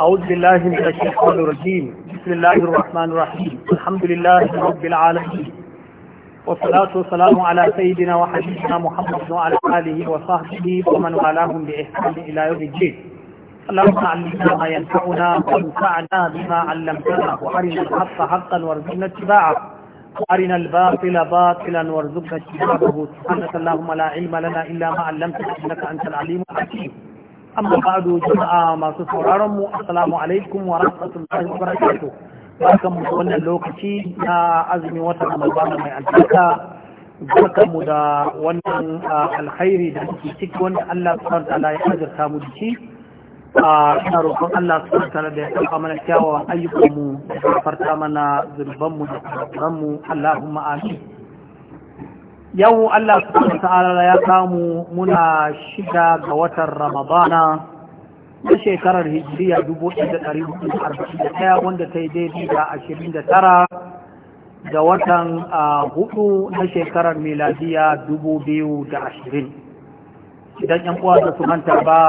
أعوذ بالله من الشيطان الرجيم بسم الله الرحمن الرحيم الحمد لله رب العالمين والصلاة والسلام على سيدنا وحبيبنا محمد وعلى آله وصحبه ومن والاهم بإحسان إلى يوم الدين اللهم علمنا ما ينفعنا وانفعنا بما علمتنا وأرنا الحق حقا وارزقنا اتباعه وأرنا الباطل باطلا وارزقنا اجتنابه سبحانك اللهم لا علم لنا إلا ما علمتنا إنك أنت العليم الحكيم amma ba'du jama'a masu sauraron mu assalamu alaikum wa rahmatullahi wa barakatuh barkan mu wannan lokaci na azumin watan Ramadan mai albarka barkan mu da wannan alkhairi da muke ciki wanda Allah subhanahu wa ta'ala ya azurta mu da shi ina roƙon Allah subhanahu ta'ala da ya saba mana kyawawan ayyukan mu da farta mana zurban mu da mu Allahumma amin yau Allah subhanahu ta'ala ya kamu muna shida ga watan Ramadana na shekarar hijiriya 1441 wanda ta yi daidai da 29 ga watan hudu na shekarar miladiya 2020 idan yan uwa da su manta ba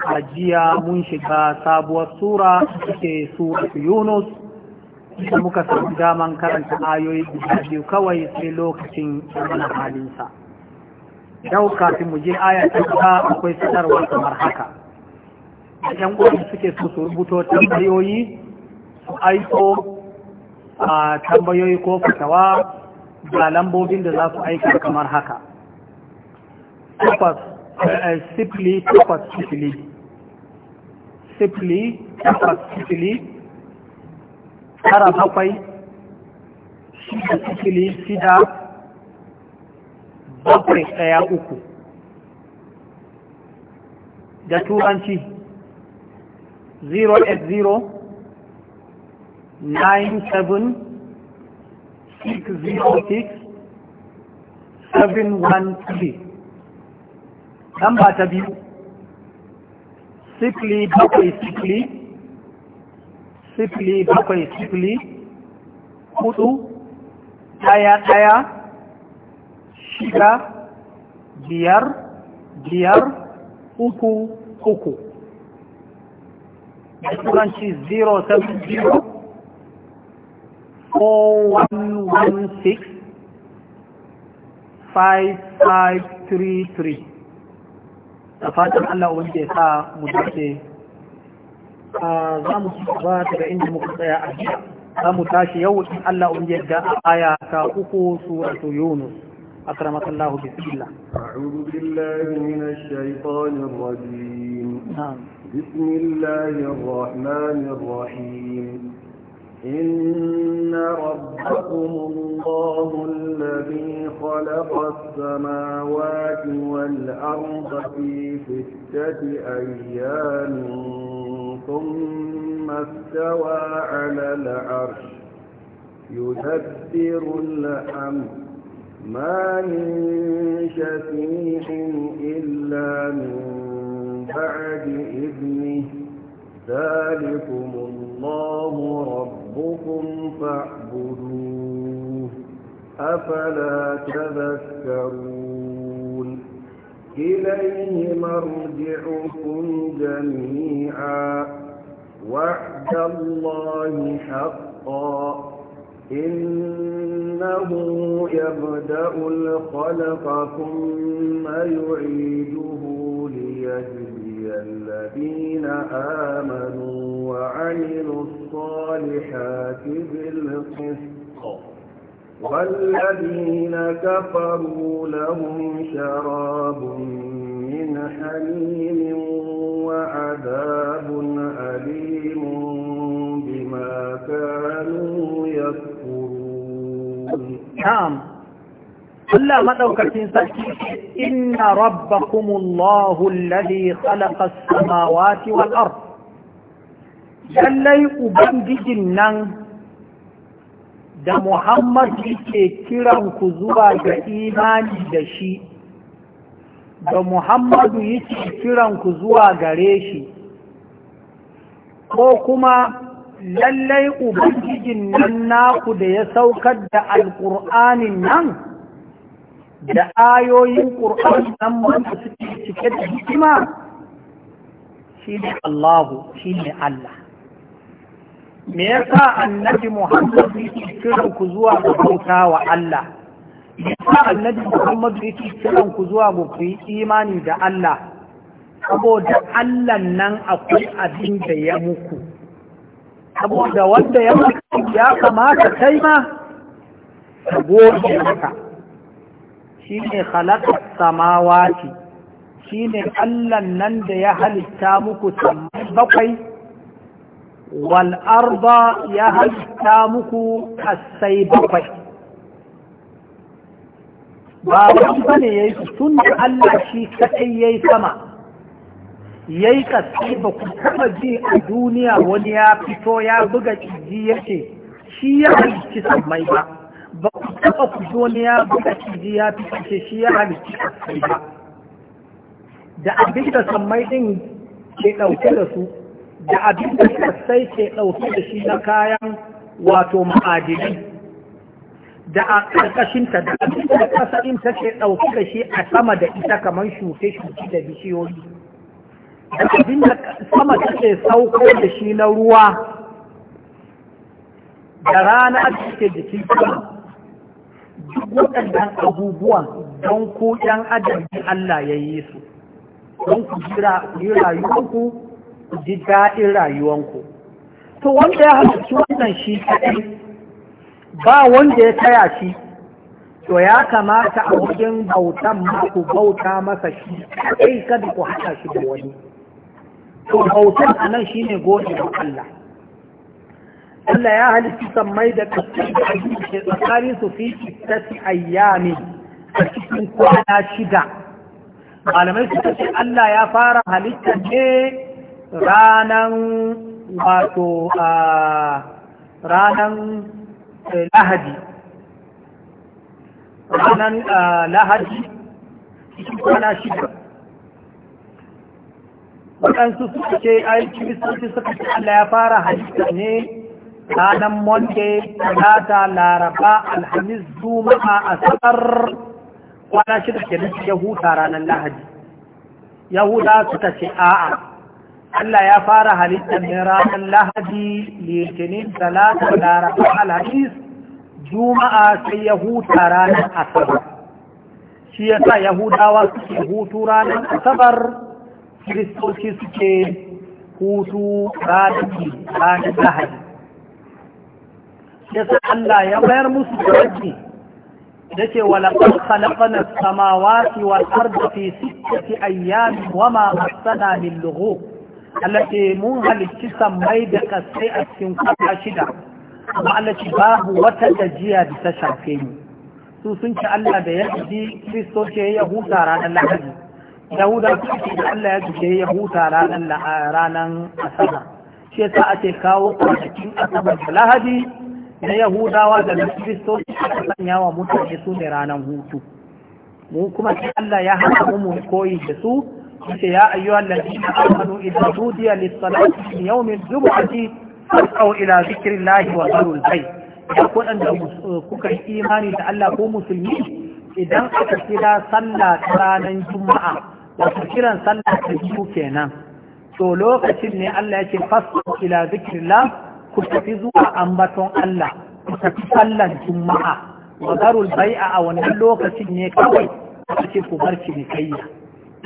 a jiya mun shiga sabuwar sura suke sura yunus da muka samu daman karanta ayoyi guda biyu kawai sai lokacin mana halinsa yau kafin mu je aya ta akwai sadarwa kamar haka yan uwan suke so su rubuto tambayoyi su aiko a tambayoyi ko fatawa da lambobin da za su aika kamar haka Tapas, eh, eh, sifili tapas, sifili sifili tapas, tara bakwai shida sifili shida bakwai ɗaya uku da turanci 080 97 606 713 lamba ta biyu sifili bakwai sifili sifili bakwai sifili hudu ɗaya ɗaya shida biyar biyar uku uku da turanci 070 4116 5533 da fatan Allah wanda ya sa mu dace za mu ba ta da inda muka tsaya a jiya za mu tashi yau in Allah un yadda a aya na uku sura to Yunus akramat Allah bi sibilla a'udhu billahi minash shaitanir rajim na'am bismillahir rahmanir rahim Inna rabbakumul lahu alladhi khalaqas samawati wal arda fi sittati ayyamin ثم استوى على العرش يدبر الأمر ما من شفيع إلا من بعد إذنه ذلكم الله ربكم فاعبدوه أفلا تذكرون إليه مرجعكم جميعا وعد الله حقا إنه يبدأ الخلق ثم يعيده ليجزي الذين آمنوا وعملوا الصالحات بالقسط والذين كفروا لهم شراب من حميم وعذاب أليم بما كانوا يكفرون نعم قل ما سأكي إن ربكم الله الذي خلق السماوات والأرض lallai ubangijin nan da muhammad yake kiran ku zuwa ga imani da shi da muhammadu yake kiranku zuwa gare shi ko kuma lallai ubangijin nan naku da ya saukar da alƙur'anin nan da ayoyin ƙur'anin nan wanda suke cike da hikima shi ne allahu shi ne allah me yasa annabi muhammadu yake kiranku zuwa ga bauta wa allah yasa annabi Muhammadu yake kiran ku zuwa mu ku yi imani da Allah saboda Allah nan akwai abin da ya muku saboda wanda ya muku ya kamata kai ma ka goge maka shine khalaqa samawati ne Allah nan da ya halitta muku bakwai wal arda ya halitta muku kasai bakwai ba wani bane ya yi tun da Allah shi kaɗai ya yi sama ya yi ƙasai ba ku taɓa ji a duniya wani ya fito ya buga ciji ya ce shi ya halicci sammai ba ba ku taɓa ku ji wani ya buga ciji ya fito ce shi ya halicci sammai ba da abin da sammai ɗin ke ɗauke da su da abin da ƙasai ke ɗauke da shi na kayan wato ma'adinai da a ƙarƙashinta da abinda ƙasa in take ɗauki da shi a sama da ita kamar shuke-shuke da bishiyoyi da abinda sama take sauko da shi na ruwa da rana a cikin jikin kuma duk waɗannan abubuwan don ku ɗan adam Allah ya yi su don ku yi rayuwanku ku ji daɗin rayuwanku to wanda ya halarci wannan shi kaɗai ba wanda ya taya shi to ya kamata a wajen bautan ku bauta masa shi kai kada ku haɗa shi da wani to bautan a nan shi ne gode wa Allah Allah ya halitta sammai da kasar da ake tsakanin su fi ayyami a cikin kwana shida malamai suka ce Allah ya fara halitta ne ranan wato a ranan lahadi ranar ah, lahadi cikin kwana shida waɗansu suka ce aiki kiristoci suka ce Allah ya fara halitta ne ranar monday talata laraba alhamis a asabar kwana shida ke nufi yahuta ranar lahadi yahuta suka ce a'a الله يا فاره هل تمرا الله دي لتنين ثلاث ولا رفع الحديث جمعة سيهو تران أصبر سيهو يهودا وسيهو تران أصبر كريستو سيسكي هوتو رادكي ران الدهي سيسا الله يا غير مسجد دكي ولقد خلقنا السماوات والأرض في ستة أيام وما أحسنا من لغوب Allah mun halicci sammai da kasai a cikin kwata shida amma Allah babu wata gajiya da ta shafe ni su sun ci Allah da yahudi kristo ce ya huta ranar lahadi yahuda su ce da Allah ya ce ya huta ranar asabar shi yasa ake kawo kwanakin asabar da lahadi na yahudawa da na kristo aka sanya wa mutane su ne ranar hutu mu kuma sai Allah ya hana mu koyi da su yace ya ayyuhal ladina amanu idza nudiya lis-salati min yawm al-jum'ati fas'au ila dhikrillahi wa dharul bayt ya kodanda eh, kuka imani da Allah ko musulmi idan aka kira sallah ta ranar juma'a wato kiran sallah ta biyu kenan to lokacin ne Allah yake fas'au ila dhikrillah ku tafi zuwa ambaton Allah ku tafi sallar juma'a wa dharul a wannan lokacin ne kawai ake ku bar cinikayya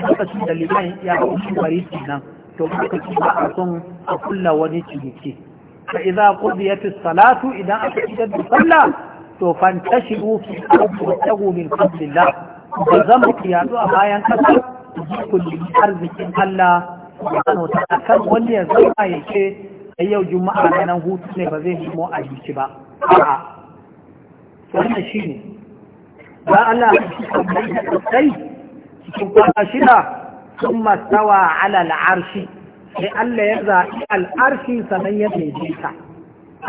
lokacin da liman ya kunshi bari nan to lokaci ba a son a kulla wani ciniki fa ya fi salatu idan aka idar da sallah to fantashiru fi ardi wattagu min fadlillah ba zan ku yadu a bayan kasa kulli arzikin Allah subhanahu wa ta'ala kan wanda ya zama yake yau juma'a ranar hutu ne ba zai nemo a jiki ba a'a wannan ne. ba Allah ya shi kamar da kai cikin kwana shida sun mastawa ala al'arshi sai Allah ya zaɓi al'arshi sannan ya ta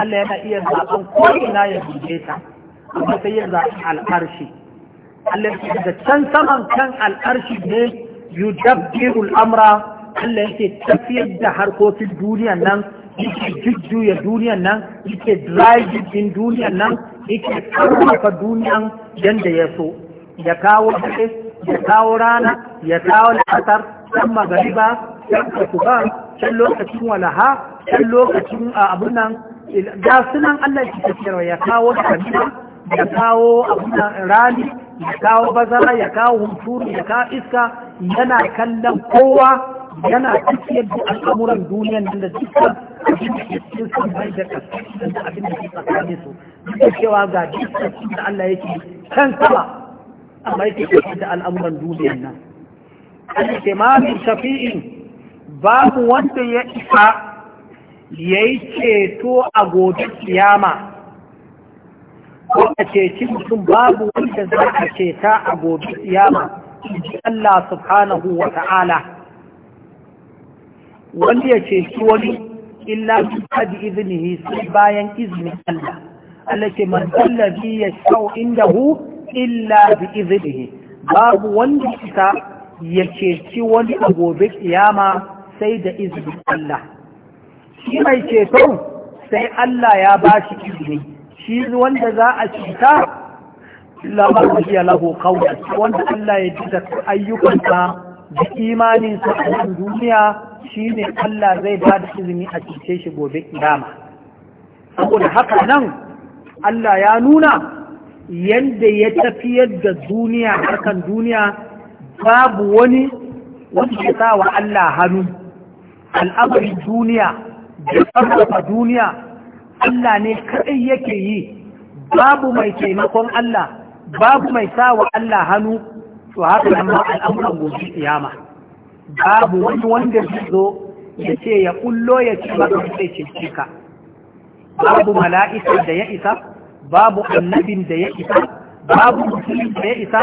Allah yana iya zaɓen ko'ina ya ta amma sai ya zaɓi al'arshi Allah ya da can saman kan al'arshi ne yudabbirul amra Allah yake tafiyar da harkokin duniyan nan yake jujjuya duniyan nan yake driving din duniyan nan yake sarrafa duniyan yanda ya so ya kawo dare ya kawo rana ya kawo la'asar can magariba can kasuba can lokacin walaha can lokacin abin nan ga sunan Allah ke ya kawo samiya ya kawo abin nan rani ya kawo bazara ya kawo hunturu ya kawo iska yana kallon kowa yana tafiyar da al'amuran duniyan da dukkan abin da ke cikin sun bai da kasance da abin da ke tsakanin su duk da cewa ga dukkan da Allah yake kan sama amma yake ɗauki da al'amuran duniyan nan A ce ma min shafi'in babu wanda ya isa ya yi ceto a gobe kiyama ko a ceci mutum babu wanda za a ceta a gobe kiyama ji Allah subhanahu wa ta'ala wanda ya ceci wani illa su hadi izini sai bayan izinin Allah Allah ce man tallabi ya inda hu? illa bi izinihi babu wanda isa ya ceci wani a gobe kiyama sai da izini Allah shi mai ceto sai Allah ya ba shi izini shi wanda za a cita lamar ya lahu kawai wanda Allah ya ji da ayyukansa da imaninsa a cikin duniya shi ne Allah zai ba da izini a cice shi gobe kiyama saboda haka nan Allah ya nuna yanda ya tafiyar da duniya harkan duniya babu wani wani ke sa wa Allah hannu al'amarin duniya da sarrafa duniya Allah ne kaɗai yake yi babu mai taimakon Allah babu mai sa wa Allah hannu to haka nan al'amuran gobe kiyama babu wani wanda zai zo ya ce ya kullo ya ce ba sai babu mala'ikar da ya isa babu annabin da ya isa babu musulmin da ya isa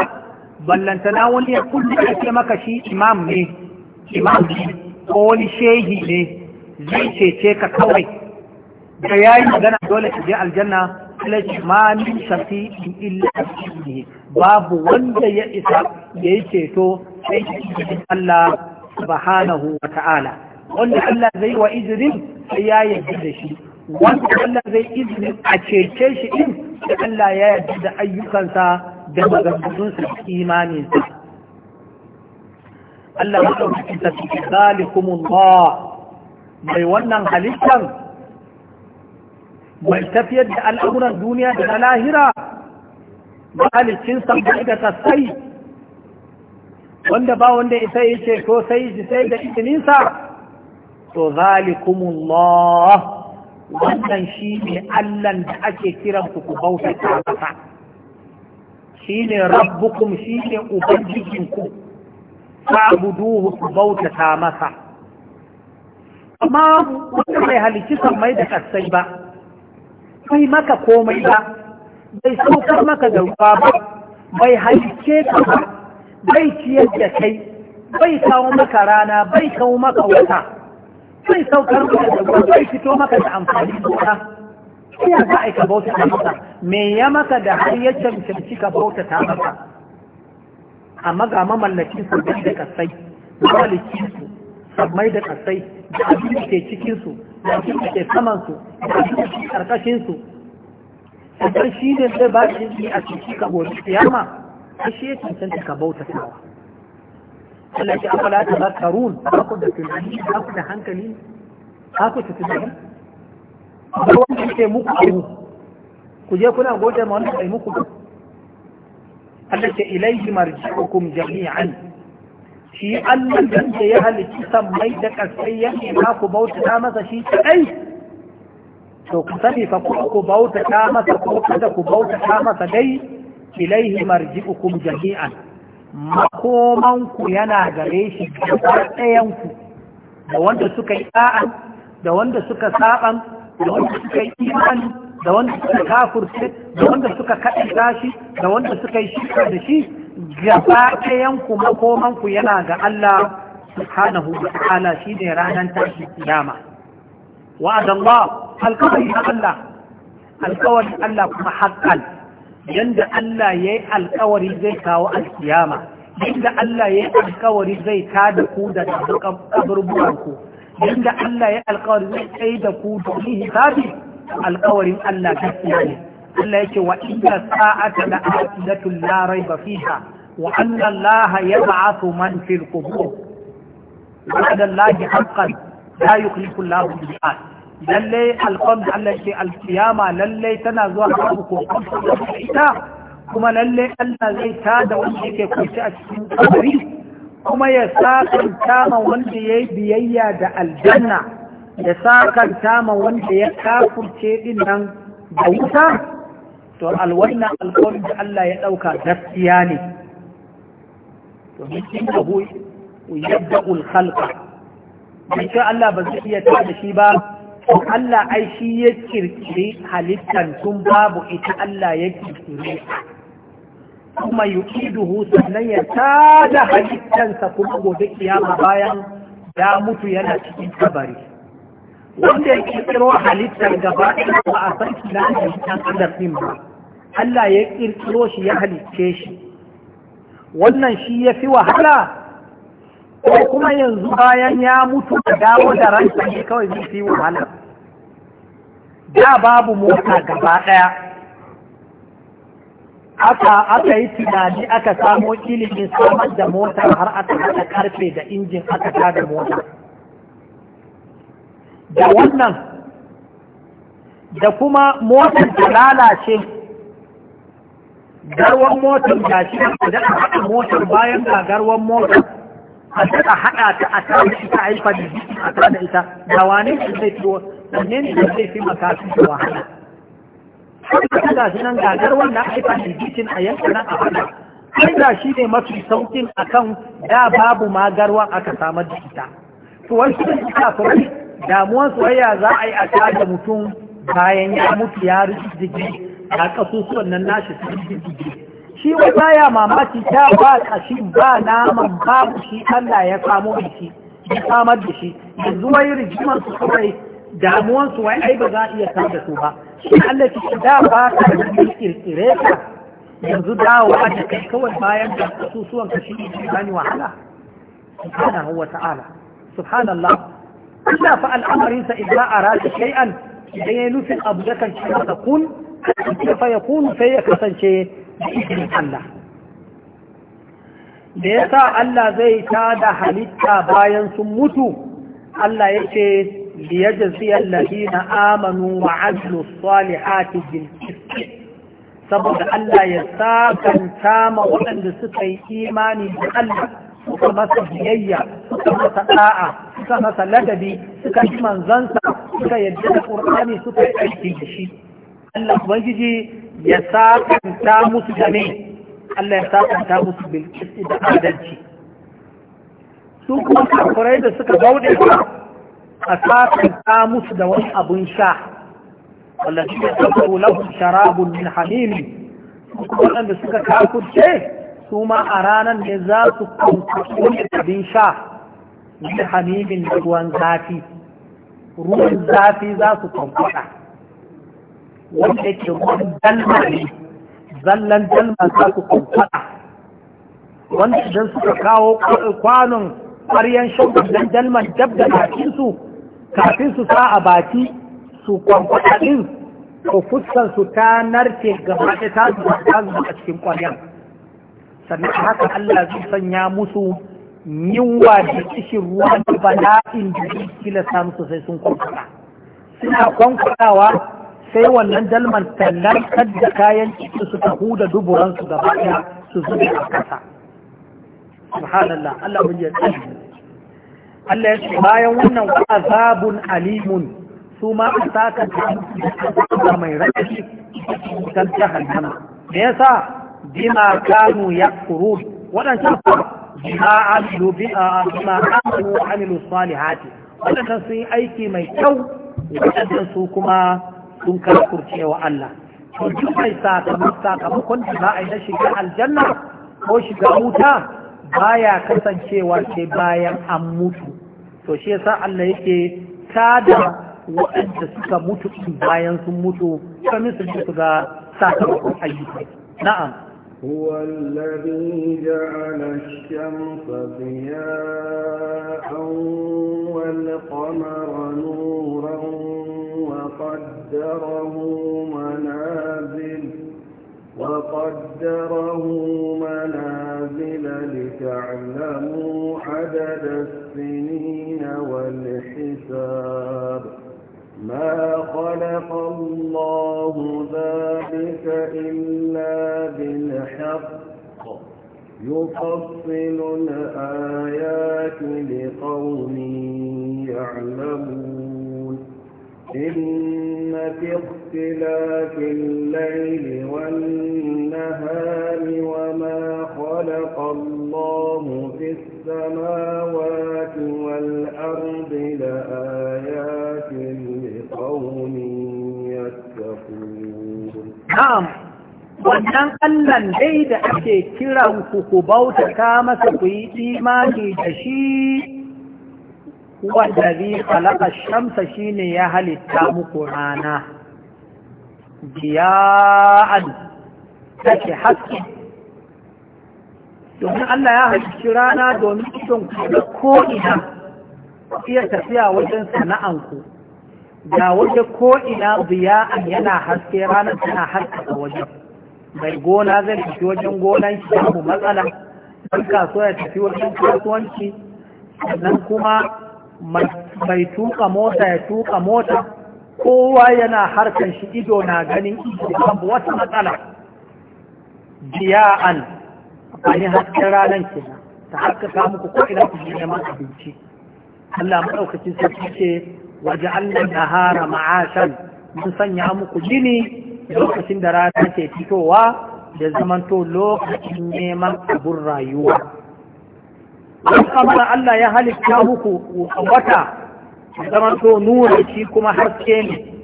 ballantana wani ya kulle ya ke maka shi imam ne imam ne ko wani shehi ne zai cece ka kawai da ya yi magana dole ka je aljanna alaji ma min shafi'in illa ne babu wanda ya isa ya yi ceto sai Allah subhanahu wa ta'ala wanda Allah zai wa izinin sai ya yarda da shi wanda Allah zai izini a cece shi in da Allah ya yarda da ayyukansa da maganganunsa da imaninsa Allah ya ɗauki ta fi zalikumullah mai wannan halittar mai tafiyar da al'amuran duniya da na lahira mahalicin sabbin da ta sai wanda ba wanda ita ya ce ko sai sai da izininsa to zalikumullah wannan shi ne allan da ake kiran ku ku bauta ta masa shi ne rabbukum shi ne ubangijinku fa'buduhu ku bauta ta masa amma wanda bai halicci mai da kasai ba kai maka komai ba bai saukar maka da ruwa ba bai halicce ka ba bai ciyar da kai bai kawo maka rana bai kawo maka wata zai saukar da ruwa zai fito maka da amfani da Ta ya za a ka bauta ta maka me ya maka da har ya cancanci ka bauta ta maka amma ga mamallakin su da kasai mamallakin su sammai da kasai da abin da ke cikin su da abin da ke saman su da abin da ke karkashin su shi ne zai ba shi a cikin ka gobe kiyama shi ya cancanci ka bauta ta wa Allah ya afala ta zakarun ku da tunani ku da hankali ku ta tunani ba wanda ke muku abu ku je kuna gode ma wanda kai muku Allah ce ilaihi marji'ukum jami'an shi Allah da ya halicci mai da kasai ya ne ku bauta ta masa shi kadai to ku sani fa ku bauta ta masa ko kada ku bauta ta masa dai ilaihi marji'ukum jami'an makomanku yana gare shi ɗayanku da wanda suka yi ɗa'an da wanda suka saɓan da wanda suka yi imani da wanda suka kafurce da wanda suka kaɗa shi da wanda suka yi shirka da shi gaba ɗayanku makomanku yana ga Allah subhanahu wa ta'ala shi ne ranar tashi kiyama wa'adallah alkawari na Allah alkawari Allah kuma haƙƙal yanda Allah ya yi alkawari zai kawo alkiyama yanda Allah ya yi alkawari zai tada ku da kaburburanku yanda Allah ya yi alkawari zai tsaye da ku domin hisabi alkawarin Allah gaskiya ne Allah yake wa inna sa'ata la atidatu la raiba fiha wa anna Allah yab'athu man fil qubur wa Allah haqqan la yukhlifu Allah al-mi'ad Lallai alƙon da Allah ce alkiyama lallai tana zuwa babu ko ita kuma lallai Allah zai ta da wanda yake kunci a cikin kabari kuma ya sakanta ma wanda ya yi biyayya da aljanna ya sakanta ma wanda ya kafurce din nan da wuta to alwannan alƙon da Allah ya ɗauka gaskiya ne to mutum da hu yabda ulkhalqa bai Allah ba zai iya ta da shi ba Allah ai shi ya kirkiri halittan tun babu ita Allah ya kirkiri kuma yuqiduhu sannan ya tada halittansa kuma gobe kiyama bayan ya mutu yana cikin kabari wanda ya kirkiro halittar gaba ba a san kila halittar alafin ba Allah ya kirkiro shi ya halicce shi wannan shi ya fi wahala ko kuma yanzu bayan ya mutu da dawo da ranta ne kawai zai fi wahala da babu mota gaba ɗaya aka aka yi tunani aka samo ilimin samar da mota har aka haɗa karfe da injin aka tada mota da wannan da kuma motar da lalace garwan motar shi da aka haɗa motar bayan ga garwan motar a daɗa haɗa ta a tare ita a yi fadi a da ita da wane ne zai fi wanne ne zai fi makafin da wahala haka ga sunan gagar wanda aka yi fadi a yanka nan a haɗa sai ga shi ne mafi saukin akan da babu ma aka samar da ita to wani su da kurai damuwan soyayya za a yi a da mutum bayan ya mutu ya rufe jiki a ƙasusuwan nan nashi su rufe jiki shi wai baya mamaki ta ba kashin ba naman babu shi Allah ya samu da shi ya samar da shi yanzu wai rigimar su kawai damuwan su wai ai ba za a iya san da su ba shi Allah ki da ba ka da kirkire ka yanzu dawowa da kai kawai bayan da kasusuwan ka shi ne gani wahala subhanahu wa ta'ala subhanallah Allah fa al'amarin al'amarinsa idza arada shay'an idan ya nufin abu da kan shi da kun fa yakun sai ya kasance da Allah da ya sa Allah zai ta da halitta bayan sun mutu Allah ya ce liyajziyar lahina amanu wa ajilu salihati bilkisti saboda Allah ya sakanta ma waɗanda suka yi imani da Allah suka masa biyayya suka masa ɗa'a suka masa ladabi suka yi manzansa suka yadda da ƙur'ani suka yi aiki da shi Allah ubangiji ya sakanta musu da ne Allah ya sakanta musu bilkisi da adalci su kuma kafirai da suka bauɗe a sakanta musu da wani abun sha shi ya tabbata lahum sharabun min kuma waɗanda suka kafurce su ma a ranar ne za su kunkusu wani abin sha da hamimin ruwan zafi ruwan zafi za su kwankwada wanda yake ruwan dalma ne zallan dalma za su kwamfada wanda idan suka kawo kwanon ƙaryen shan dan dalman dab da bakinsu kafin su sa a baki su kwamfada ɗin ko fuskansu ta narke gaba da ta zuwa ta zuba a cikin ƙwaryen sannan haka Allah zai sanya musu yinwa da kishin ruwa da bala'in da zai kila samu sosai sun kwamfada suna kwamfadawa sai wannan dalman ta da kayan ciki suka huda duburansu gaba su zuba a kasa subhanallah Allah mun yi Allah ya ce bayan wannan wa azabun alimun su ma a saka da mai rashi kan jahannama me yasa bima kanu yakfurun wadannan bima amilu bima amilu amilu salihati sun yi aiki mai kyau wadannan su kuma sun kafurce wa Allah to duk mai sakamakon da za a yi na shiga aljanna ko shiga wuta baya kasancewa ce bayan an mutu to shi yasa Allah yake tada waɗanda suka mutu bayan sun mutu kamin su su ga sakamakon ayyuka na'am هو الذي جعل الشمس ضياء والقمر نورا وقدره منازل وقدره منازل لتعلموا عدد السنين والحساب ما خلق الله ذلك إلا بالحق يفصل الآيات لقوم يعلمون إن في اختلاف الليل والنهار وما خلق الله في السماوات والأرض لآيات لقوم يتقون نعم wannan Allahn dai da ake kiran ku ku bauta ta masa ku yi imani da shi wallazi falaka shamsa shine ya halitta muku rana an take haske domin Allah ya halicci rana domin idon ku da ko'ina iya tafiya wajen sana'anku da wajen ko'ina biya'an yana haske rana tana a wajen mai gona zai tafi wajen gonan shi babu matsala ɗan kasuwa ya tafi wajen kasuwanci nan kuma mai tuka mota ya tuka mota kowa yana harkan shi ido na ganin ido babu wata matsala jiya'an amfani hasken ranar ke ta samu muku ko ina ku neman abinci Allah maɗaukacin sarki ce waje Allah hara ma'ashan mun sanya muku gini lokacin da rana ke fitowa da zamanto lokacin neman abun rayuwa an mana Allah ya halitta muku wata zaman to nuna shi kuma haske ne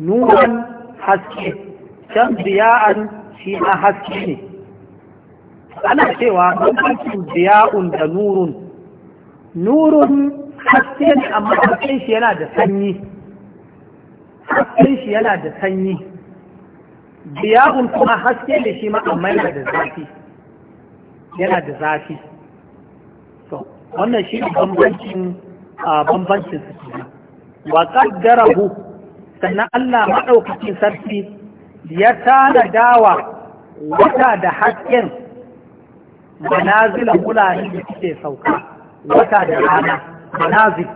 nunan haske can biya'an shi a haske ne ana cewa bambancin biya'un da nurun nurun haske ne amma haske shi yana da sanyi haske shi yana da sanyi biya'un kuma haske ne shi ma amma yana da zafi yana da zafi wannan shi bambancin a bambancin su wa qaddarahu sannan Allah madaukakin sarki ya tana dawa wata da hasken manazilan wurare da suke sauka wata da rana manazil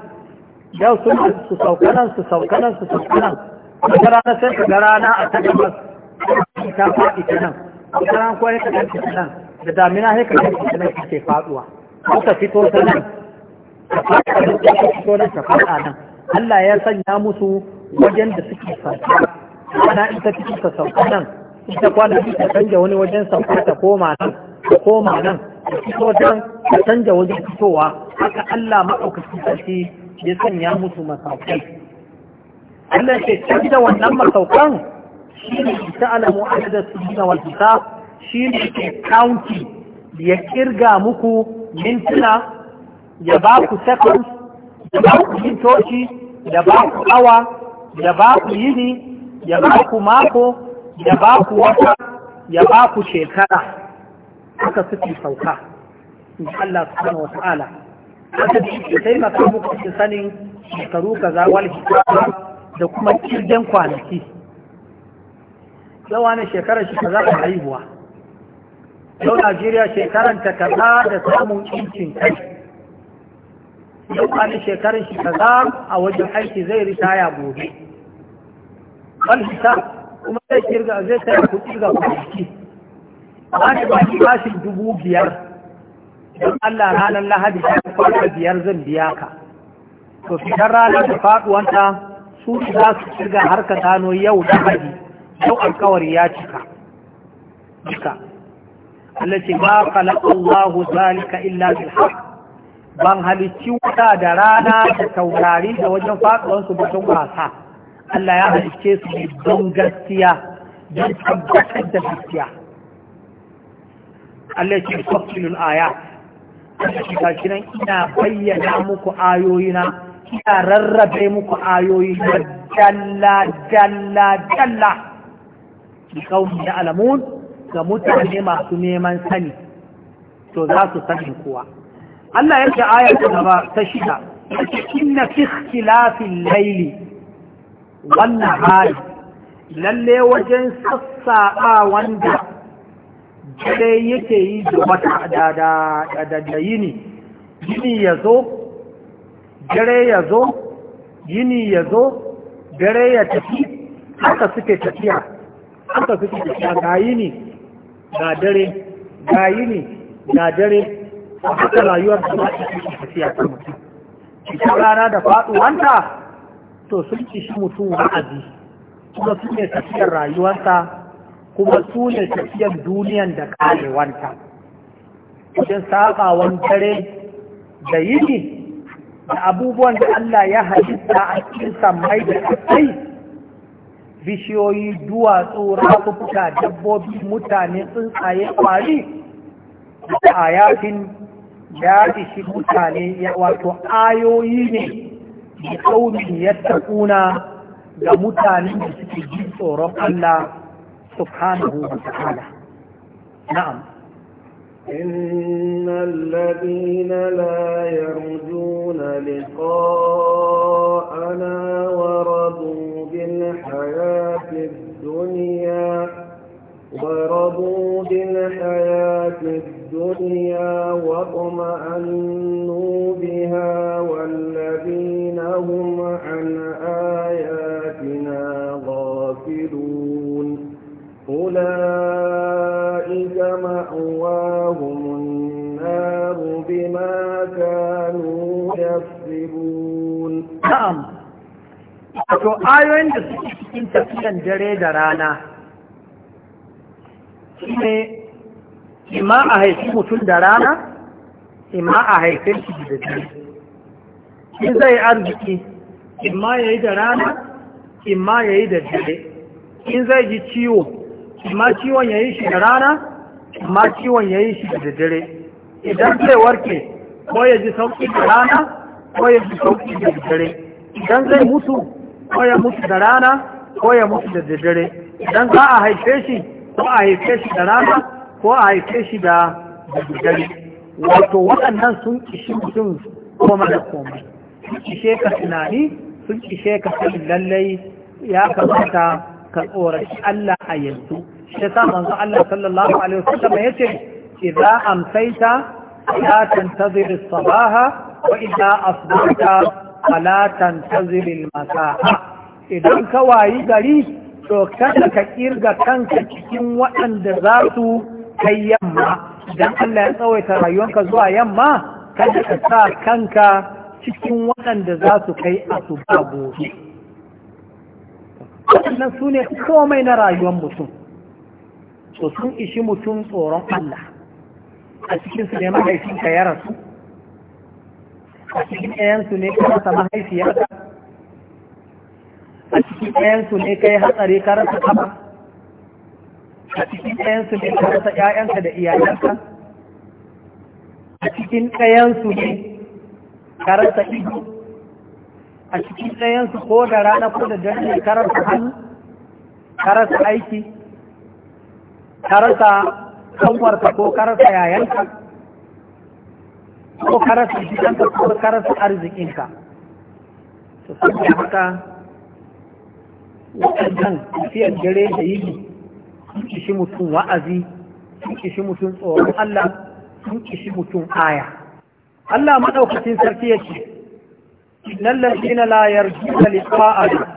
yau sun su sauka nan su sauka nan su sauka nan wata rana sai ka ga rana a ta gabas ta faɗi ta nan wata rana kuwa ya ka ta nan da damina sai ka ta nan suke faɗuwa suka fito ta nan suka fito nan ta faɗa nan Allah ya sanya musu wajen da suke sauka ana ita cikin ta sauka nan ita kwana ta canja wani wajen sauka ta koma nan ta koma nan ta fito nan ta canja wajen fitowa haka Allah maɗaukaki sarki ya sanya musu masaukai Allah ce ta da wannan masaukan shi ne ta alamu adadin su wal hisab shi ne ke kaunti ya kirga muku mintuna ya ba ku seconds ya ba ku mintoci ya ba ku awa ya ba ku yini ya ba ku mako ya ba ku wata ya ba ku shekara haka suke sauka in Allah kana wa ta'ala haka da sai maka muku su sanin shekaru wani shekara da kuma kirgen kwanaki yawa na shekarar shi za ka haihuwa yau najeriya ta kaza da samun incin kai yau wani shekarun shi kaza a wajen aiki zai ritaya gobe wani hita kuma zai kirga zai tsaye kuɗi ga kwanaki ba shi ba shi bashin dubu biyar don allah ranar lahadi ta kwana biyar zan biya ka to fitar ranar da faɗuwanta su za su kirga harka gano yau lahadi yau alkawari ya cika التي ما خلق الله ذلك إلا بالحق ban halicci wuta da rana da taurari da wajen faɗuwansu batun wasa Allah ya halicce su don gaskiya don tabbatar da gaskiya Allah ce tafsilul aya ta shi nan ina bayyana muku ayoyina ina rarrabe muku ayoyi dalla dalla dalla bi qaumi ya'lamun ga mutane masu neman sani to za su sani kuwa Allah yake ayar ta gaba ta shida yake inna fi ikhtilafil layli wan nahari lalle wajen sassaɓa wanda dare yake yi da wata da da yini yini ya zo dare ya zo yini ya zo dare ya tafi haka suke tafiya haka suke tafiya ga yini ga dare ga yini ga dare a haka rayuwar da ba ta tafiya ta mutum cikin rana da faɗuwanta to sun ci shi mutum wa'azi kuma su ne tafiyar rayuwarsa kuma su ne tafiyar duniyan da ƙarewanta saƙa saƙawan dare da yini da abubuwan da Allah ya halitta a cikin samai da ƙasai bishiyoyi duwatsu rafuka dabbobi mutane tsuntsaye kwari da ayatin ya ishi mutane wato ayoyi ne da kaunin yadda kuna ga mutanen da suke ji tsoron Allah subhanahu wa ta'ala na'am إن الذين لا يرجون لقاءنا ورضوا بالحياة الدنيا ورضوا بالحياة الدنيا واطمأنوا بها والذين هم عن آياتنا غافلون أولئك na'am to ayoyin da suke cikin tafiyan dare da rana ne ima a haifi mutum da rana ima a haifin shi da dare shi zai arziki ima ya yi da rana ima ya yi da dare in zai ji ciwo ima ciwon ya yi shi da rana ima ciwon ya yi shi da dare idan zai warke ko ya ji sauƙi da rana ko ya sauki da dare idan zai mutu ko ya mutu da rana ko ya mutu da dare idan za a haife shi ko a haife shi da rana ko a haife shi da dare wato waɗannan sun kishi mutum koma da komai sun kishe ka tunani sun kishe ka lallai ya kamata ka tsoraci Allah a yanzu shi yasa manzo Allah sallallahu alaihi wasallam yace idza amsayta la tantazir as-sabaha وإذا أصبحت فلا تنتظر المساء إذا كواي غري to kada ka kirga kanka cikin waɗanda za su kai yamma idan Allah ya tsawaita rayuwanka zuwa yamma kada ka sa kanka cikin waɗanda za su kai asuba gobe waɗannan su ne komai na rayuwar mutum to sun ishi mutum tsoron Allah a cikinsu ne mahaifinka ya rasu a cikin ɗayansu ne ka rasa mahaifiyarka a cikin ɗayansu ne kai hatsari ka rasa kama a cikin ɗayansu ne ka rasa ‘ya'yanka da iyayenka a cikin ɗayansu ne ka rasa ido a cikin ɗayansu ko da rana ko da dare ka rasa hannu ka rasa aiki ka rasa kanwarka ko ka rasa yayanka ko karasa gidanka ko karasa arzikinka to saboda haka waɗannan tafiyar dare da yini sun kishi mutum wa'azi sun kishi mutum tsoron Allah sun kishi mutum aya Allah maɗaukacin sarki yake innal ladina la yarjuna liqa'ana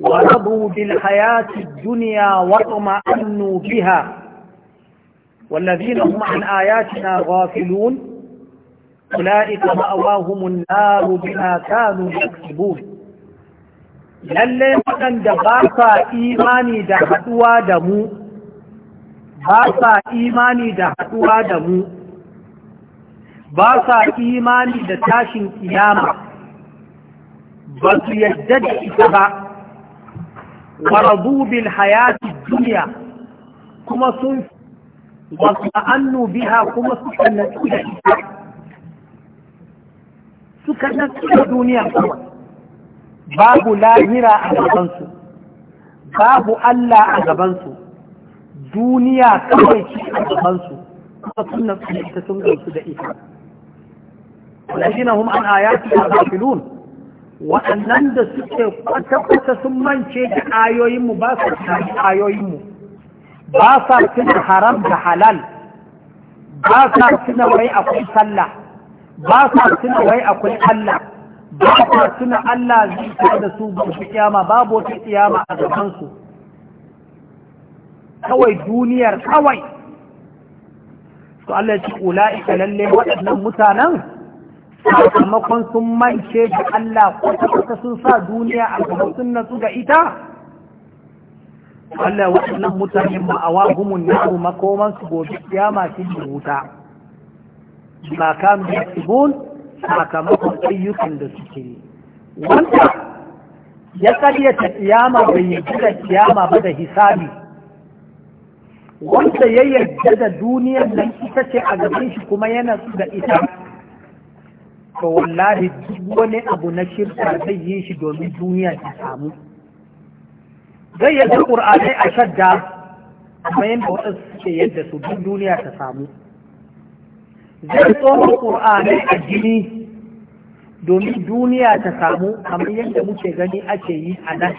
ورضوا بالحياة الدنيا واطمأنوا بها والذين هم عن آياتنا غافلون أولئك مأواهم النار بما كانوا يكسبون lalle waɗanda ba sa imani da haɗuwa da mu ba sa imani da haɗuwa da mu ba sa imani da tashin kiyama ba su yadda da ita ba waradu bil hayati duniya kuma sun wasu annu biha kuma suka natsu da ita suka da duniya kawai babu lahira a gabansu babu Allah a gabansu duniya kawai ce a gabansu kuma sunan ta sun gamsu da ita wadanda hum an ayati a gafilun waɗannan da suke kwata sun mance da ayoyinmu ba su tafi ayoyinmu ba sa haram da halal ba sa tuna akwai sallah ba sa tuna wai akwai Allah ba sa tuna Allah zai ta da su ba su kiyama babu wata kiyama a gabansu kawai duniyar kawai to Allah ya kula ula'ika lalle waɗannan mutanen sakamakon sun mance da Allah ko ta sun sa duniya a gaban sun natsu ga ita Allah waɗannan mutanen ma'awa gumun yaro makoman su gobe kiyama shi wuta ma kam yaktubun sakamakon ayyukan da suke yi wanda ya karyata kiyama bai yi da kiyama ba da hisabi wanda ya yarda da duniyar nan ita ce a gaban shi kuma yana su da ita to wallahi duk wani abu na shirka zai yi shi domin duniya ta samu zai yadda ƙur'anai a shadda kuma yadda waɗansu suke yadda su duk duniya ta samu zai tsohon ƙur'ani a jini domin duniya ta samu kamar yadda muke gani ake yi a nan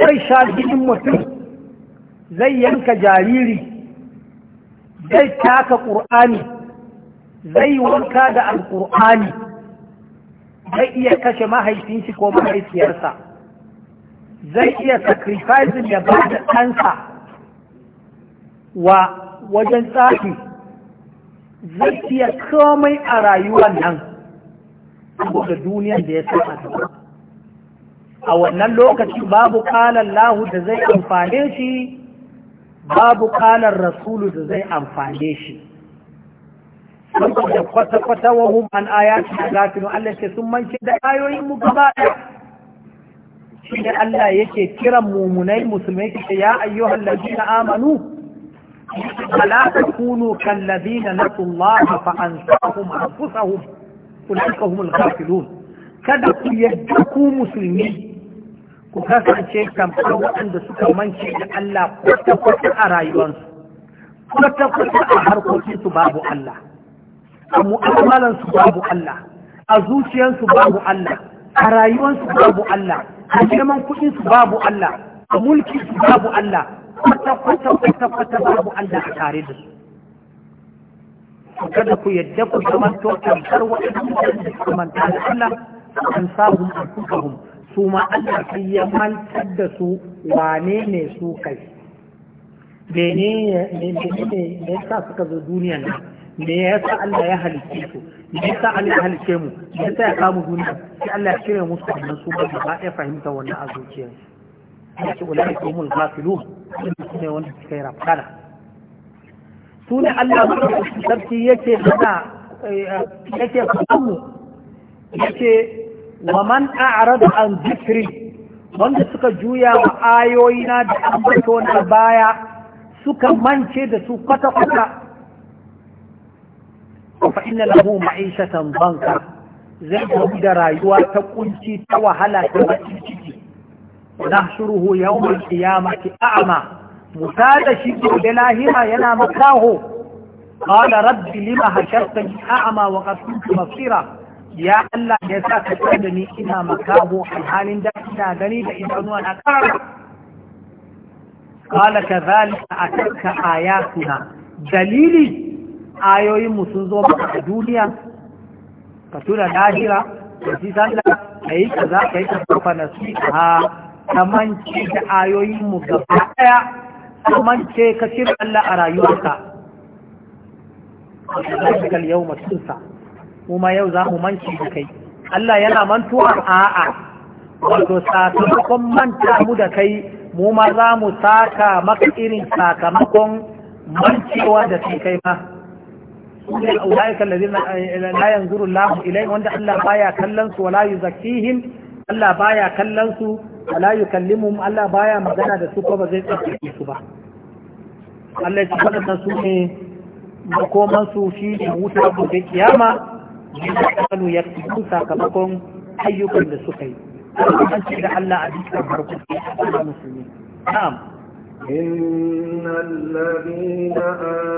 zai sha gidin mutum zai yanka jariri zai taka ƙur'ani zai yi wanka da alƙur'ani zai iya kashe mahaifinsa ko mahaifiyarsa zai iya sacrificing ya ba da ɗansa wa wajen tsafi zai iya komai a rayuwar nan saboda duniyar da ya saba a wannan lokaci babu kalan lahu da zai amfane shi babu kalan rasulu da zai amfane shi saboda kwata-kwata wa an shi na gafinu Allah ce sun manci da ayoyin mu gaba shi ne Allah yake kiran mumunai musulmai ke ya ayyuhan na amanu فلا تكونوا كالذين نسوا الله فأنساهم أنفسهم أولئك هم الغافلون kada ku yadda ku musulmi ku kasance kamar waɗanda suka mance da Allah kwata-kwata a rayuwarsu kwata-kwata a harkokinsu babu Allah a mu'amalansu babu Allah a zuciyarsu babu Allah a rayuwarsu babu Allah a neman kuɗinsu babu Allah a mulkinsu babu Allah kwata kwata kwata kwata babu Allah a tare da su kada ku yadda ku zama to tamkar waɗanda da suka manta da Allah an sabu an kuka su ma Allah sai ya mantar da su wane ne su kai mene ne ne yasa suka zo duniyan nan me ya sa Allah ya halicce su me ya sa Allah ya halicce mu me ya sa ya kamu duniya sai Allah ya cire musu wannan su ba ba ya fahimta wannan a zuciyarsu ya ce ulai ko mun ghafilu su ne wanda suka yi rafkana su ne Allah sarki yake hana eh, yake famu yake wa man a'rada an zikri wanda suka juya wa ayoyina da ambato na baya suka mance da su kwata-kwata fa inna lahu ma'ishatan banka zai tafi da rayuwa ta kunci ta wahala ta bakin ciki ونحشره يوم القيامة أعمى مساد شكر بلاهما ينا مكاه قال رب لما هشرتني أعمى وقد كنت مصيرا يا الله يا ساك إنا مكاه في حال إنا دليل ده إنسان أنا قال كذلك أتتك آياتنا دليلي ayoyinmu sun zo maka a duniya ka tuna lahira ka ji sallah kamance da mu gaba ɗaya kamance ka cire Allah a rayuwarka a cikin yau matunsa kuma yau za mu manci da kai Allah yana mantuwa a'a wato sakamakon manta mu da kai mu ma za mu saka maka irin sakamakon mancewa da kai kai ma أولئك الذين لا ينظر الله إليه وأن الله بايا كلنس ولا Allah الله بايا kallansu. wala yukallimuhum Allah baya magana da su ko ba zai tsarkake su ba Allah ya faɗa da su ne makoman su shi ne wuta ko da kiyama da kanu ya kudu sakamakon ayyukan da suka yi an ce da Allah a dukkan harkokin da musulmi na'am إن الذين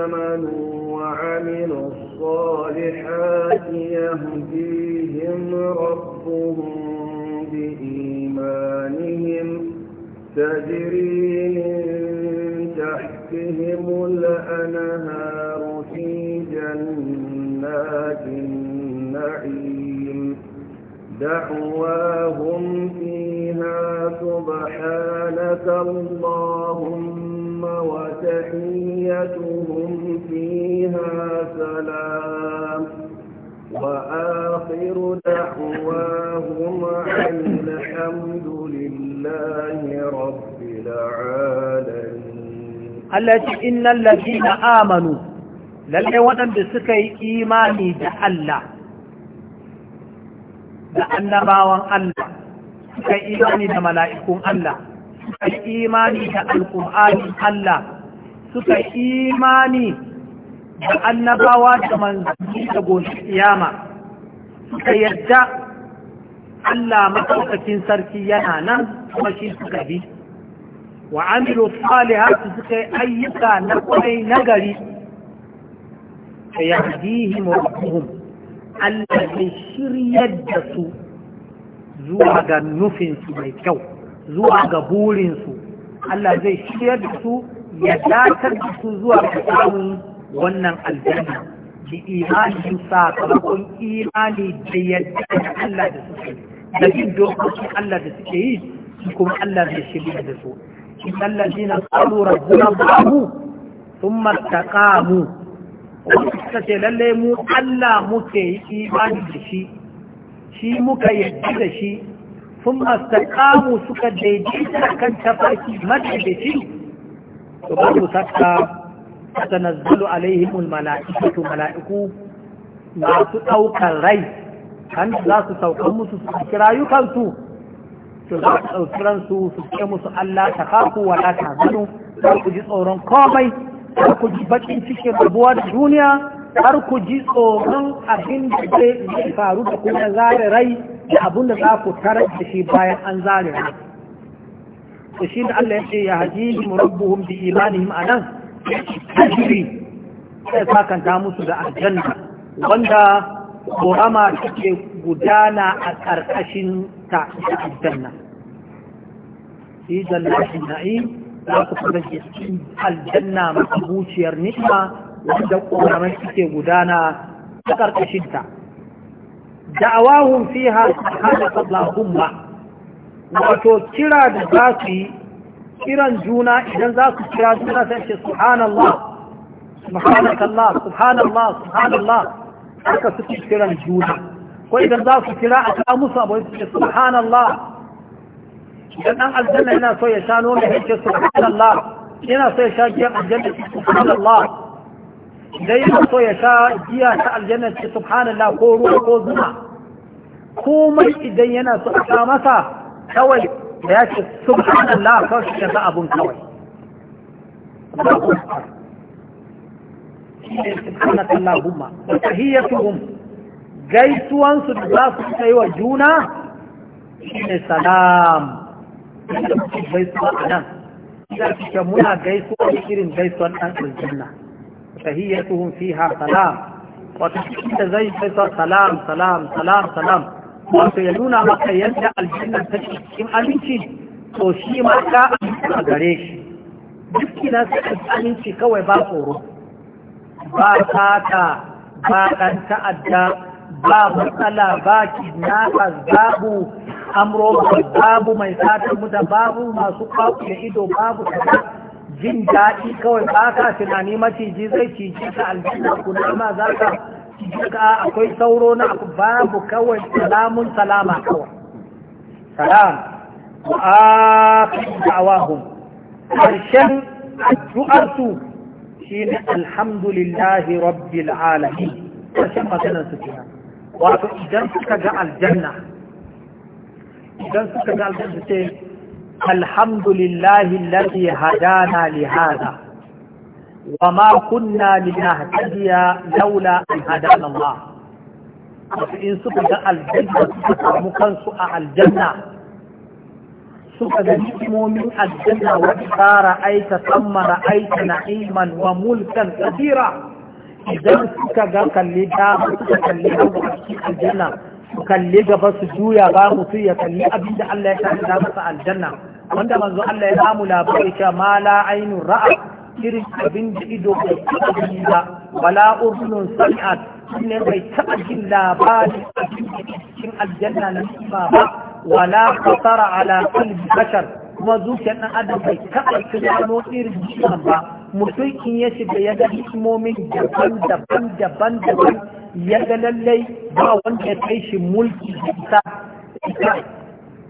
آمنوا وعملوا الصالحات يهديهم ربهم بإيمانهم تجري من تحتهم الأنهار في جنات النعيم دعواهم فيها سبحانك اللهم وتحيتهم فيها سلام وآخر دعواهم عن الحمد لله رب العالمين التي إن الذين آمنوا للي ودن بسكي إيماني دعلا دعلا باوان الله سكي إيماني دملائكم الله سكي إيماني دعالكم آل الله سكي إيماني da annabawa da manzanni da goshi kiyama suka yadda Allah maɗaukakin sarki yana nan kuma shi suka bi wa amilu salihatu suka yi ayyuka na kwai nagari fa yahdihim rabbuhum Allah zai shiryar da su zuwa ga nufinsu mai kyau zuwa ga burinsu Allah zai shirya da su ya datar da su zuwa ga samun wannan aljanna bi imanin sakamakon imani da yadda da Allah da suke da jin dokokin Allah da suke yi kuma Allah zai shirya da su in na qalu rabbuna sun thumma istaqamu wanda ce lalle mu Allah muke yi imani da shi shi muka yadda da shi sun istaqamu suka daidaita kan tafarki mace da shi? to ba mu saka tatanazzalu alaihimul mala'ikatu mala'iku masu ɗaukar rai kan za su saukan musu su kira yukansu su za su ransu su ce musu Allah ta kaku wala ta zanu kar ku ji tsoron komai kar ku ji bakin cikin rabuwar duniya kar ku ji tsoron abin da zai faru da kuma zare rai da abin da za ku tarar da shi bayan an zare rai to shi da Allah ya ce ya haji murabbuhum bi imanihim anan tajiri sai sakanta musu da aljanna wanda ƙorama take gudana a ƙarƙashin ta aljanna fi jannatin na'im za ku kuma cikin aljanna masu zuciyar ni'ima wanda suke gudana a ƙarƙashin ta da'awahun fiha subhanallahi wato kira da za su yi kiran juna idan za su kira juna sai ce subhanallah subhanallah subhanallah subhanallah haka suke kiran juna ko idan za su kira a ta musu abu ce subhanallah idan dan aljanna yana so ya sha nono ya ce subhanallah yana so ya sha giya aljanna ce subhanallah idan yana so ya sha giya ta aljanna ce subhanallah ko ruwa ko zuma komai idan yana so a sha masa kawai da ya ce subhanallah kawai shi yanzu abun kawai subhanakallahumma wa tahiyyatuhum gaisuwan su da za su kai wa juna shine salam inda muke gaisuwa a nan da kike muna gaisuwa irin gaisuwan dan aljanna tahiyyatuhum fiha salam wato inda zai gaisuwa salam salam salam salam wato ya nuna maka yadda aljanna ta cikin aminci to shi ma ka a gare shi dukkina sai aminci kawai ba tsoro ba sata ba ɗan ta'adda ba matsala ba kidnappers babu amro babu mai sata muda babu masu kwaku da ido babu jin daɗi kawai ba ka tunani maciji zai ciji ta aljanna kuna ma za ka daga akwai sauro na babu kawai salamun salama kawai salam wa afi da'awahum karshen addu'arsu shine alhamdulillahi rabbil alamin karshen maganar su kenan wato idan suka ga aljanna idan suka ga aljanna sai alhamdulillahi alladhi hadana li hada Wa وما كنا لنهتدي لولا أن هدانا الله in suka ga aljanna suka samu kansu a aljanna suka ga ni'imomin aljanna wa tsara aita samma ra'aita na'iman wa mulkan kabira idan suka ga kalli da suka kalli gaba a cikin aljanna su kalli gaba su juya ba mutu ya kalli abinda Allah ya tafi da masa aljanna wanda manzo Allah ya samu labari cewa ma la ainun ra'a irin abin da ido bai taɓa gani ba wala urdunun sami'at ne bai taɓa jin labarin A da cikin aljanna na nima ba wala khatara ala qalbi bashar kuma zuciyar ɗan adam bai taɓa tunano irin jiyan ba mutum in ya shiga ya ga hikimomin daban daban daban daban ya ga lallai ba wanda ya kai shi mulki da ita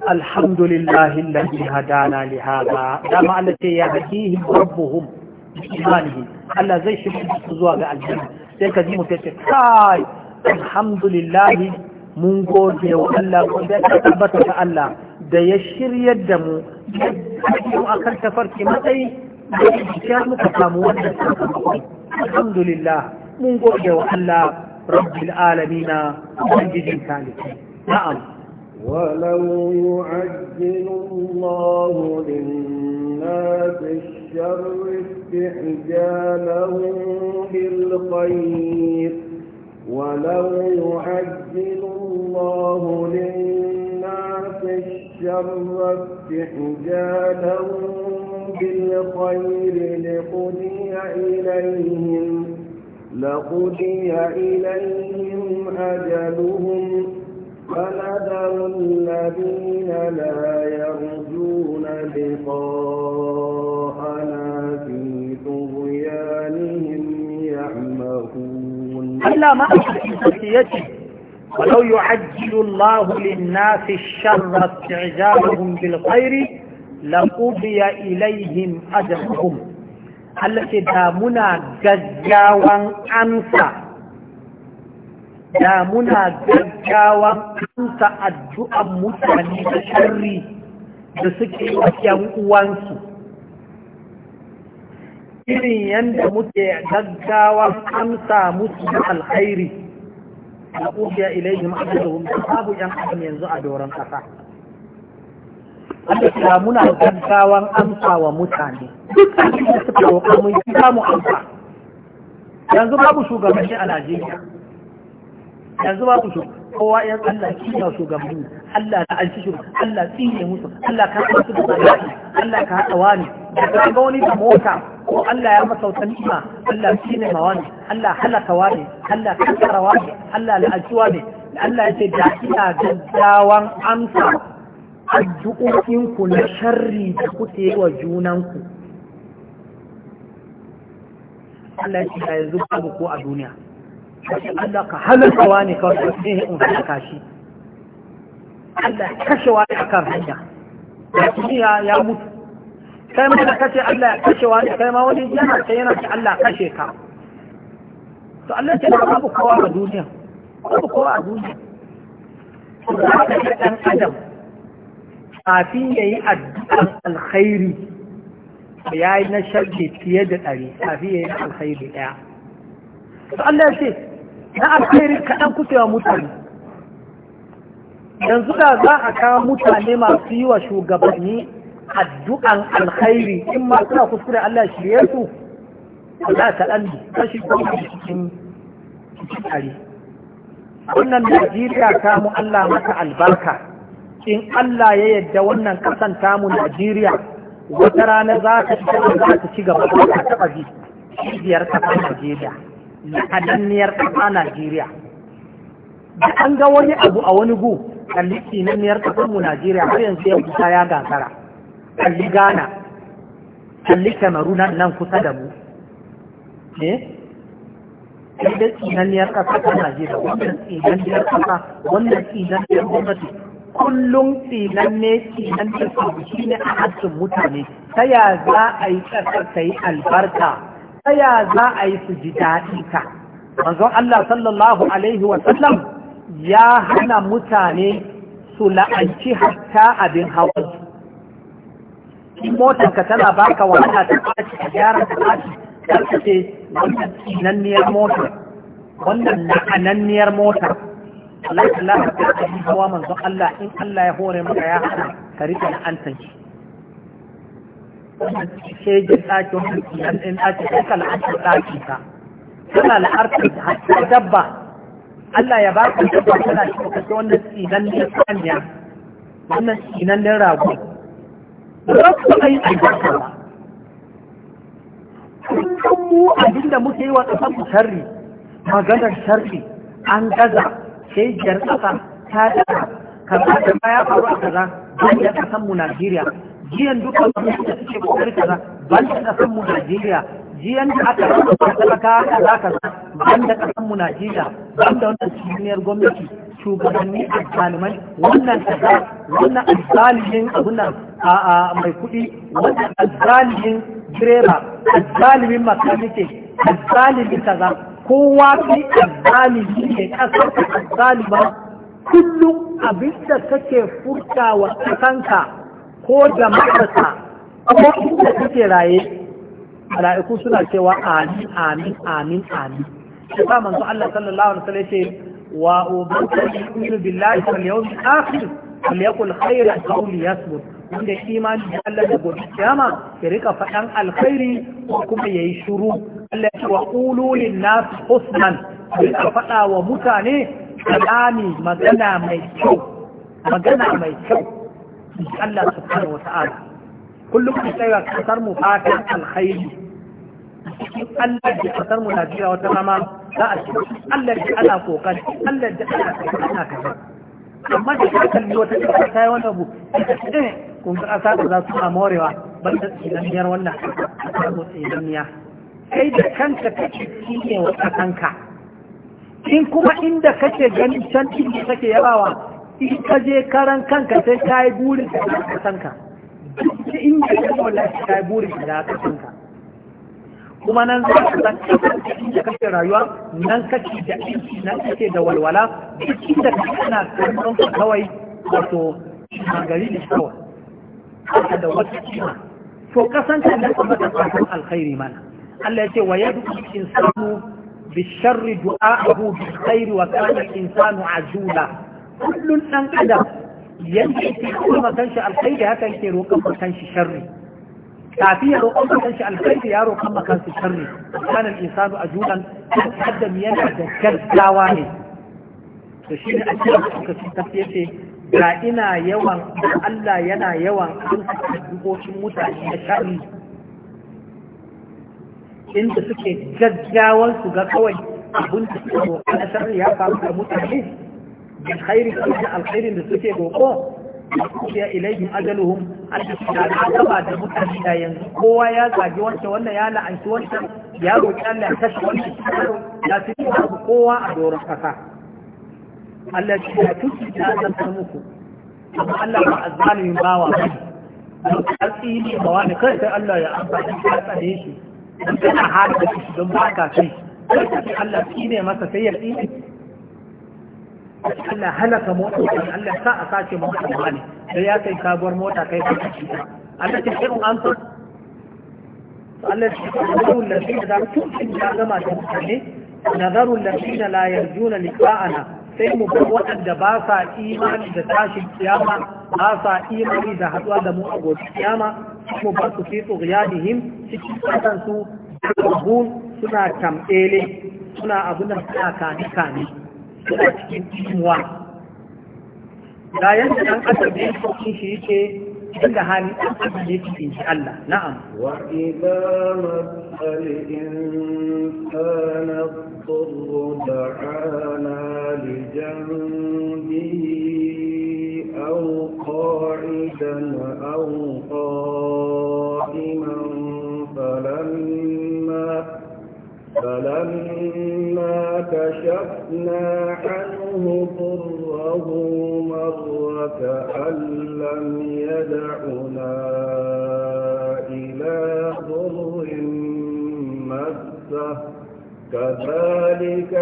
الحمد لله الذي هدانا لهذا دام التي يهديهم ربهم imanihi Allah zai shirya zuwa ga aljanna sai ka ji mu ce kai alhamdulillah mun gode wa Allah ko da ka tabbata ga Allah da ya shirya da mu mu akan tafarki matsayi da ya muka samu wannan alhamdulillah mun gode wa Allah rabbil alamina ubangijin talibai na'am ولو يعجل الله للناس الشر استعجالهم بالخير ولو يعجل الله للناس الشر استعجالهم بالخير لقضي إليهم لقضي إليهم أجلهم فنذر الذين لا يرجون لقاءنا في طغيانهم يعمهون ألا ما أحسسيته ولو يعجل الله للناس الشر استعجالهم بالخير لقضي إليهم أجرهم التي دامنا جزاوا أنسى da muna gaggawa amsa addu'an mutane da shari da suke yan uwansu irin yadda muke gaggawa amsa musu da alkhairi da ƙufiya ilaihim ajaluhum da babu yan adam yanzu a doron ƙasa da muna gaggawan amsa wa mutane duk da suka roƙa mun kira mu amsa yanzu babu shugabanni a Najeriya yanzu ba ku so kowa ya Allah so shugabanni Allah ta alshi shi Allah tsine musu Allah ka haɗa su da zalunci Allah ka haɗa wani da ga wani da mota ko Allah ya masa wata nima. Allah tsine ma wani Allah halaka wani Allah tsara wani Allah la'alci wani Allah ya ce da ina gaggawan amsa ku na sharri da kuke yi wa junanku Allah ya ce yanzu babu ko a duniya Allah ka halartawa ne kawai da sai in halaka shi Allah ya kashe wani a kan hanya da duniya ya mutu kai ma da kashe Allah ya kashe wani kai ma wani yana sai yana ce Allah kashe ka to Allah ce babu kowa a duniya babu kowa a duniya to da haka ɗan adam kafin ya yi addu'an alkhairi ya yi na sharke fiye da ɗari kafin ya yi alkhairi ɗaya to Allah ya ce na alheri kaɗan kusewa mutane yanzu da za a kawo mutane masu yi wa shugabanni addu'an alkhairi in ma suna kuskure Allah shirye su za ta ɗan kashi kuma cikin cikin wannan Najeriya ta Allah mata albarka in Allah ya yadda wannan kasan tamu Najeriya wata rana za ta ci gaba za ta ci ta Najeriya na kadanniyar ƙasa Najeriya. Da an ga wani abu a wani gu, kalli sinanniyar ƙasarmu Najeriya har yanzu ya kusa ya gasara. Kalli Ghana, kalli Kamaru nan kusa da mu. Eh? Kalli sinanniyar kasa ta Najeriya, wannan sinanniyar ƙasa, wannan sinanniyar gwamnati. Kullum tsinanne tsinanne su shi ne a harshen mutane, ta ya za a yi ƙasar ta yi albarka tsaya za a yi su ji daɗi ka manzon Allah sallallahu alaihi wa sallam ya hana mutane su la'anci hatta abin hawa in motar ka tana baka wahala ta kaci a gyara ta kaci ta ce wannan tsinanniyar motar wannan la'ananniyar motar Allah Allah ta kaci hawa manzon Allah in Allah ya hore maka ya hana ka rike la'antar shi wannan Allah ya ba ka shi ka wannan tsinan ne wannan tsinan ne rago ba ku ai albarka ba mu abinda muke yi wa ƙasar mu sharri maganar sharri an gaza jar kasa ta daga ya faru a kaza don ya ƙasar Najeriya jiyan duka da suke kokari kaza ban da kasan mu Najeriya jiyan da aka rasa talaka kaza kaza ban da kasan mu Najeriya ban da wannan shiniyar gwamnati shugabanni azzalimai wannan kaza wannan azzalimin abun nan a mai kuɗi wannan azzalimin direba azzalimin makanike azzalimin kaza kowa kai azzalimi ne kasar azzalima kullum abin da kake furta wa kanka ko da matarsa ko inda kake raye mala'iku suna cewa amin amin amin amin shi sa manzo Allah sallallahu alaihi wasallam ce wa ubidu billahi wal yawmil akhir falyakul khayran aw liyasmut wanda imani da Allah da gobe kiyama ya rika faɗan alkhairi ko kuma yayi shiru Allah ya ce wa qulu lin nas husnan rika faɗa wa mutane kalami magana mai kyau magana mai kyau Allah subhanahu wata'ala kullum ku tsaya kasar mu fatan alkhairi cikin Allah da kasar mu Najeriya wata rama za a ce Allah da Allah kokari Allah da Allah ana kaza amma da ka kalli wata kasa ta yi wannan ne. Eh, kun ga asa da za su ma morewa ban da tsinaniyar wannan kasar mu tsinaniya kai da kanka kake cinye wa kanka in kuma inda kake ganin can inda kake yabawa in ka je karan kanka sai ka yi burin ka da aka sanka in da ka yi wallahi ka yi burin ka da aka sanka kuma nan za ka san inda kake rayuwa nan kake da aiki nan kake da walwala duk inda kake kana kallon ka kawai wato magari da kawai haka da wata kima to kasanta nan kuma da fatan alkhairi mana Allah ya ce wa yadu insanu bi sharri du'a'ahu bi khairi wa kana insanu ajula kullun dan adam yadda yake kuma kanshi alkhairi haka yake roƙon shi sharri kafi ya roƙon shi alkhairi ya roƙon shi sharri kana al-insanu ajulan adam yana da gaggawa ne to shi ne a cikin suka tafi yace ga ina yawan Allah yana yawan dukkan mutane da sharri inda suke gaggawar su ga kawai abin da suke roƙon sharri ya faru da mutane bil khairi da alkhairin da suke roƙo ya ilaihim ajaluhum Allah da mutane da yanzu kowa ya zagi wancan wannan ya la'anci wancan ya roƙi Allah ya kashe wancan ya ci kowa a doron kasa Allah ya ya tuki da Allah ta muku amma Allah ba azalimin bawa ba alƙili ba wani kai sai Allah ya amfani da tsare shi dan kana da shi don ba ka kai sai Allah shi ne masa sai ya Allah halaka mota Allah sa a sace mota ba ne da ya kai sabuwar mota kai ka ci Allah ce irin an san Allah ta shirin da shi da gama da ne nazaru ladina la yarjuna liqa'ana sai mu ga waɗanda ba sa imani da tashin kiyama ba sa imani da haɗuwa da mu a gobe kiyama mu ba su fi tsoriyadihim cikin kasansu suna tamɗele suna abunan suna kane-kane suna cikin cikinwa da yadda ɗan ƙasar da yake cikin shi yake hali ɗan ƙasar da cikin shi Allah na'am wa masal insana فلما كشفنا عنه ضره مر كأن لم يدعنا إلى ضر مسه كذلك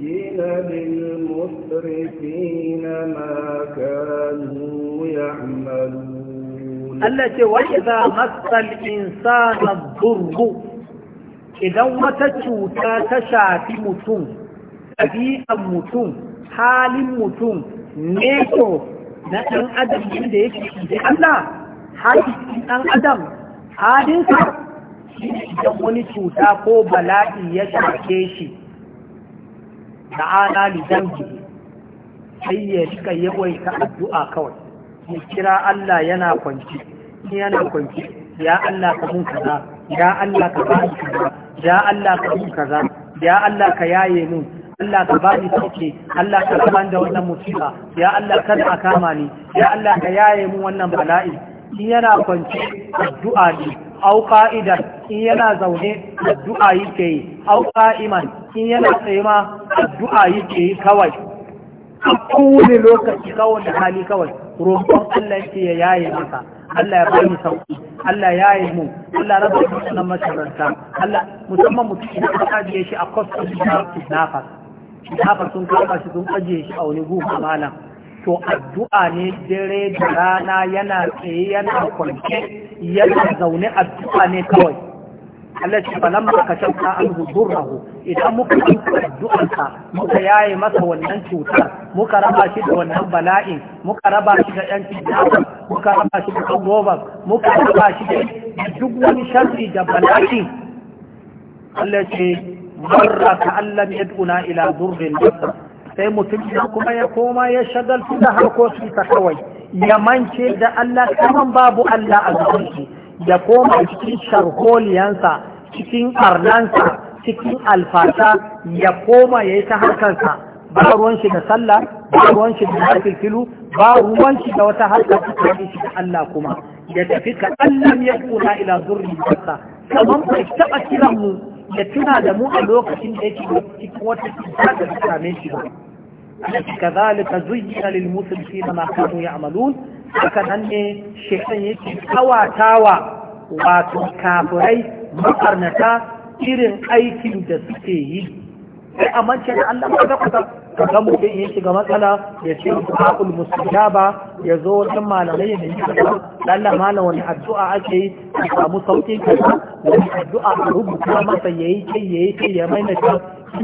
زين للمسرفين ما كانوا يعملون التي وإذا مس الإنسان الضر idan wata cuta ta shafi mutum ɗabi'an mutum halin mutum neto na ɗan adam da yake da Allah halin ɗan adam halinsa idan wani cuta ko bala'i ya shafe shi da ana lidangi sai ya rika ta addu'a kawai ya kira Allah yana kwanci yana kwanci ya Allah ka mun kaza ya Allah ka ba ni kaza ya Allah ka yi kaza ya Allah ka yaye mun Allah ka bani sauke Allah ka raban da wannan musiba ya Allah kada a kama ni ya Allah ka yaye mu wannan bala'i in yana kwance addu'a ne au qa'idan in yana zaune addu'a yake yi au qa'iman in yana tsaye ma addu'a yake yi kawai a kowane lokaci kawai da hali kawai roƙon Allah ya yaye maka Allah ya bani sauki Allah ya yi mu Allah raba mu sunan masharanta Allah musamman mutum da aka ajiye shi a kwastam da nafas nafas sun kama shi sun ajiye shi a wani gugu malam to addu'a ne dare da rana yana tsaye yana kwance yana zaune addu'a ne kawai Allah ya ce falamma ka shauka an hudurrahu idan muka yi addu'arsa muka yaye masa wannan cutar muka raba shi da wannan bala'in muka raba shi da yan cikin muka raba shi da annobar muka raba shi da duk wani sharri da bala'in Allah ce marra ka Allah ya duna ila durrin nasa sai mutum ya kuma ya koma ya shagaltu da harkokin ta kawai ya mance da Allah kaman babu Allah a zuciya ya koma cikin sharholiyansa cikin arnansa cikin alfata ya koma ya yi ta harkarsa ba ruwan shi da sallah ba ruwan shi da nafilfilu ba ruwan shi da wata harkar ta shi da Allah kuma ya tafi ka Allah ya kuna ila zurri sa kamar bai taɓa kiran mu ya tuna da mu a lokacin da yake cikin wata cuta da ta same shi ba كذلك زين للمسلمين ما كانوا يعملون haka ne shekan yake kawatawa wato kafirai makarnata irin aikin da suke yi sai a mance da Allah ba kusa ka ga mutum ya shiga matsala ya ce akul mustajaba ya zo wajen malamai ya nemi kaza Allah malam wani addu'a ake yi samu sauƙin kaza wani addu'a a rubuta masa yayi kai yayi kai ya maina ta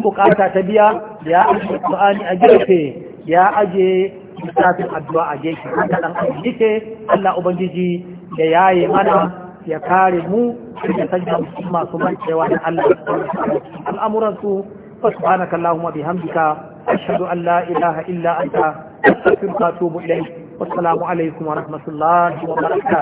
bukata ta biya ya aje Qur'ani a gefe ya aje lissafin addu'a a gefe haka dan aiki Allah ubangiji ya yaye mana ya kare mu ya sanya mutum masu mancewa da Allah al'amuran su fa allahumma bihamdika ashhadu an la ilaha illa anta astaghfiruka wa atubu ilayk wassalamu alaikum wa rahmatullahi wa barakatuh